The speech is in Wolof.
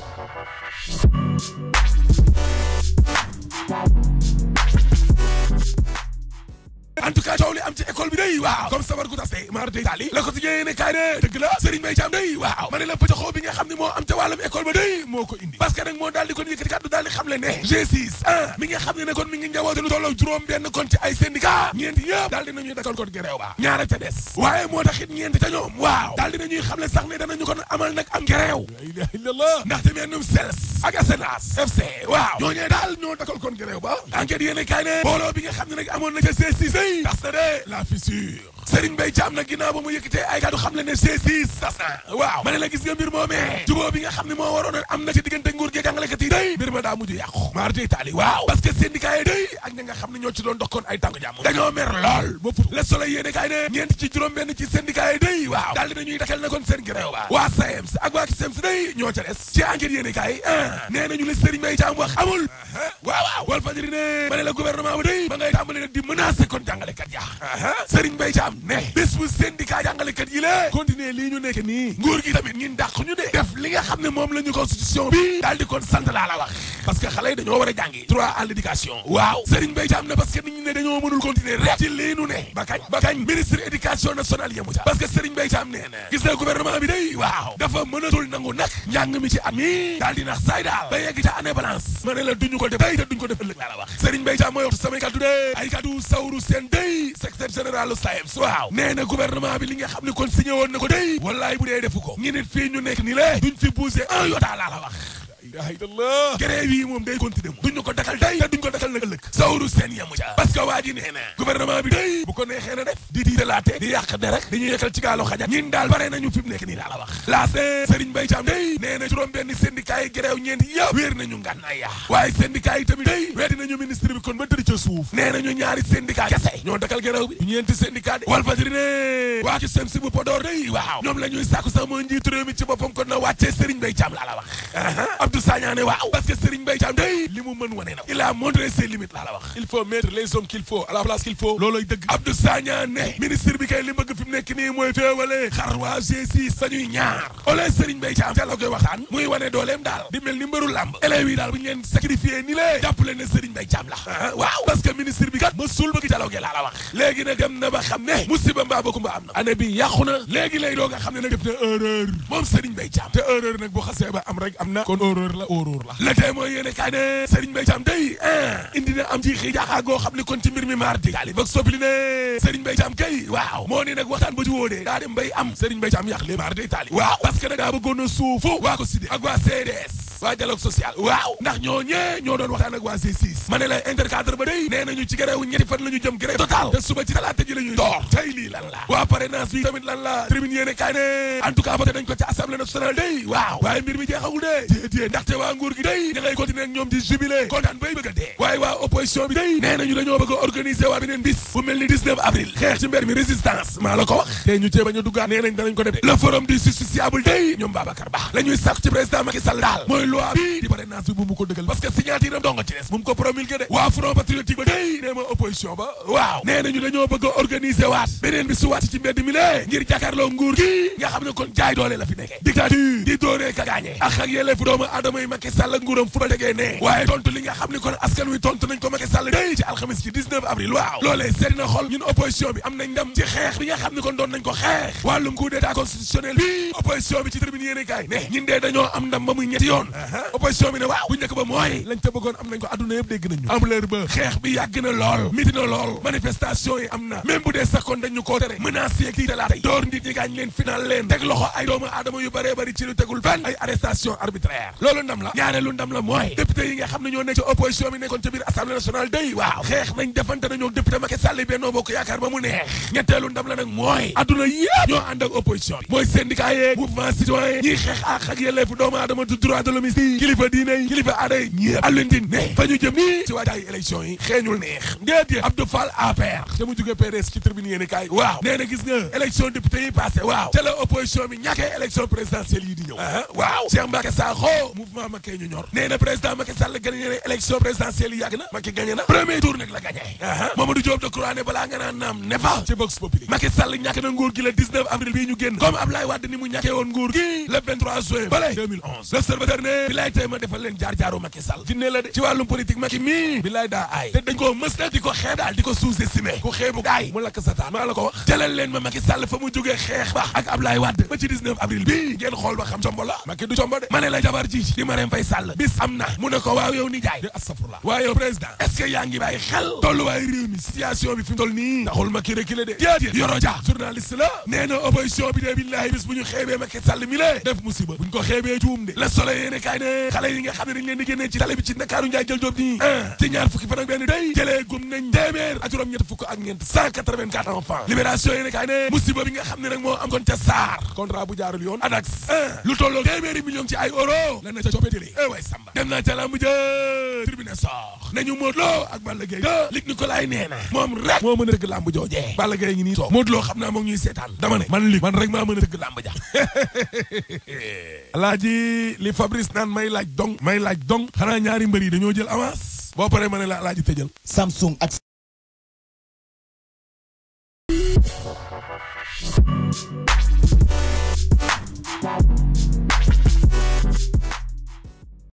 Thank en tout am ci école bi day waaw comme sabar gu tase maar day taali la ko si yéene ne dëgg la Serigne Mbaye Thiam waaw ma ne la pëccaxoo bi nga xam ne moo am ca wàllam école ba day moo ko indi parce que moo daal di kon yëkkati kàddu daal xam le ne G6 mi nga xam ne ne kon mi ngi njawoote lu tolloo juróom benn kon ci ay syndicat ñeenti ñëpp daal dinañuy dakal kon gereew ba ñaar waaw daal dinañuy xam le sax kon amal nag am gereew la ilaha illallah ndaxte bi nga xam ne nag amoon na percerait la fissure. Serigne Mbaye Thiam nag ginnaaw ba mu yëkkatee ay kàddu xam le ne saisis sasa waaw ma ne la gis nga mbir moomee eh. jubóo bi nga xam ne moo waroon am na ci diggante nguur gi jàngalekat yi day mbir ma daa mujj yàqu maar day taali waaw parce que syndicat yi day ak ña nga xam ne ñoo ci doon dokkoon ay tànk jàmm dañoo mer lool ba fut le soleil yéene kaay ci juróom benn ci syndicat day waaw daal dinañuy dakal na kon seen grève ba waa SAEMS e ak waa e ci enquête xam ne bés bu syndicat jàngalekat yi la continuer lii ñu nekk nii nguur gi tamit ñun dàq ñu de def li nga xam ne moom la ñu constitution bi daal di kon sant laa la wax parce que xale yi dañoo war a jàngi droit à l'éducation waaw Serigne Mbaye Thiam ne parce que nit ñi ne dañoo mënul continuer rek ci lii ñu ne ba kañ ba kañ ministre éducation nationale yemu ca parce que Serigne Mbaye Thiam nee na gis na gouvernement bi day waaw dafa mënatul nangu nag njàng mi ci am yi daal di nax saay daal ba yegg ca année balance ma ne la duñu ko def tey te duñu ko def ëllëg laa la wax mooy samay kaddu de ay kaddu sawru seen secrétaire général waaw nee na gouvernement bi li nga xam ne kon signé woon na ko day wallaay bu dee defu ko ñi nit fii ñu nekk ni le duñ fi bougé un yotaa laa la wax ilaha illallah yi moom day continuer duñu ko dakal day te ko dakal nag ëllëg sawru seen yamu ca parce waa ji nee na bi day bu ko neexee na def di diidalaate di yàq de rek dañuy yekkal ci gaalo xaja ñin daal bare nañu fi nekk nii laa la wax laa Serigne Mbaye Thiam day nee na juróom ñeenti yëpp wéer nañu ngan waaye syndicat tamit day weddi nañu ministre bi kon ca suuf nee nañu ñaari syndicat kese ñoo dakal grève bi ñeenti syndicat Sagna ne waaw parce que Serigne Mbaye Thiam day li wan il a montré ses limites la wax il faut mettre les hommes qu'il faut à la place qu'il faut looloy dëgg Abdou Sagna ne ministre bi kay li bëgg fi nek ni moy mooy féewale xar waa G6 sañuy ñaar ole Serigne Mbaye Thiam jàlla koy waxtaan muy wone dolem dal di mel ni mbeuru làmb élèves yi dal bu ñu sacrifier ni le jàppale ne Serigne Mbaye Thiam la waaw parce que ministre bi kat sul bëgg dialogue laa la wax léegi nag dem na ba xamne ne musiba mbaa bakumba am na année bi yàqu na lay doga xamne xam ne def na erreur mom Serigne Mbaye Thiam te erreur nak bu xasse ba am rek amna kon erreur la erreur la la tay moy yene kané ne Serigne Mbaye Thiam day day eh, indi na am ci xi jaaxaa xam ne kon ci mbir mi mardi yalli bag soppli ne Serigne Mbaye Thiam kay waaw moo ni nag waxtaan ba ci wóodee daa dem am Serigne Mbaye Thiam yàq li mardi tali waaw parce que nag daa a suufu waa ko sidé ak waa CDS waa dialogue social waaw ndax ñoo ñee ñoo doon waxtaan ak waa C6 ma intercadre ba day nee nañu ci grève ñetti fan la jëm grève total te suba ci talaata ji la ñuy tey lii lan la waa parrainage bi tamit lan la tribune yéene kaay ne en tout cas ko ci assemblée nationale day waaw waaye mbir mi jeexagul dee déedéet ndaxte waa nguur gi day da ngay continuer ak ñoom di jubilé kontaan bay bëgg dee waaye waa opposition bi day mooy loi a organiser waat beneen bi suwaat ci mbedd na xol ñun opposition bi am nañ ndam ci xeex bi nga xam ne kon doon nañ ko xeex wàllum coup d'état constitutionnel bi opposition bi ci tribune yéene ne ñun dee dañoo am ndam ba muy ñetti yoon Uh-huh. opposition bi ne waaw bu njëkk ba mooy lañ ca am nañ ko adduna yëpp ñoo nekk ak opposition mooy syndicat yeeg mouvement citoyen xeex ak ak yelleefu doomu aadama du droit de l'homme économiste yi kilifa diine yi kilifa aada yi ñëpp alluntin ne fa ñu jëm nii ci waajaayu élection yi xeeñul neex déedéet Abdou Fall APR te mu jóge PDS ci tribune yéen kaay waaw nee na gis nga élection député yi passé waaw ca la opposition bi ñàkkee élection présidentielle yi di ñëw ah, waaw Cheikh Mbacké Sakho mouvement Macky ñu ñor nee na président Macky Sall gagné na élection présidentielle yi yàgg na Macky gagné na premier tour nag la gagné ah, ah. Mamadou Diop Decroix ne balaa nga naan naam ne fa ci Box Populi Macky Sall ñàkk na nguur gi le 19 avril bii ñu génn comme Ablaye Wade ni mu ñàkkee woon nguur gi le 23 juin bale 2011 l'observateur ne bilaay tey ma defal leen jaar-jaaru Macky Sall jinne la de ci wàllum politique Macky mii bilaay daa aay te dañ koo mës na di ko xeeb daal di ko sous-estimer ku xeebu daay mu lakk sataan maa la ko wax jëlal leen ma Macky Sall fa mu jógee xeex ba ak Ablaye Wade ba ci 19 avril bii ngeen xool ba xam combo la Macky du combo de ma ne la jabar ji di Marème Faye Sall bis am na mu ne ko waaw yow ni jaay di astafurlah waaw yow président est-ce que yaa ngi bàyyi xel tolluwaay réew mi situation bi fi mu toll nii ndaxul Macky reculé de déedéet Yoro Dia journaliste la nee na opposition bi dee billahi bis bu ñu xeebee Macky Sall mi lee def musiba bu ñu ko xeebee juum de le soleil kaay ne xale yi nga xam ne dañ leen di génnee ci tali bi ci Ndakaaru Njaay jël jób nii a ci ñaar fukki fan ak day jëlee gum nañ téeméer ak juróom fukk ak ñeent cent vingt quatre enfants libération yéene kaay ne musiba bi nga xam ne nag moo am kon ca SAR contrat bu jaarul yoon ADAX lu tolloo téeméeri million ci ay euro na ca coppitili lamb eh ja tribune sox nañu ak Balla Gaye ga lig Nikolaay nee xam naa moo ngi seetaan dama man lig man rek maa mën naan may laaj dong may laaj dong xanaa ñaari mbër yi dañoo jël avance boo paree ma ne la tëjal Samsung ak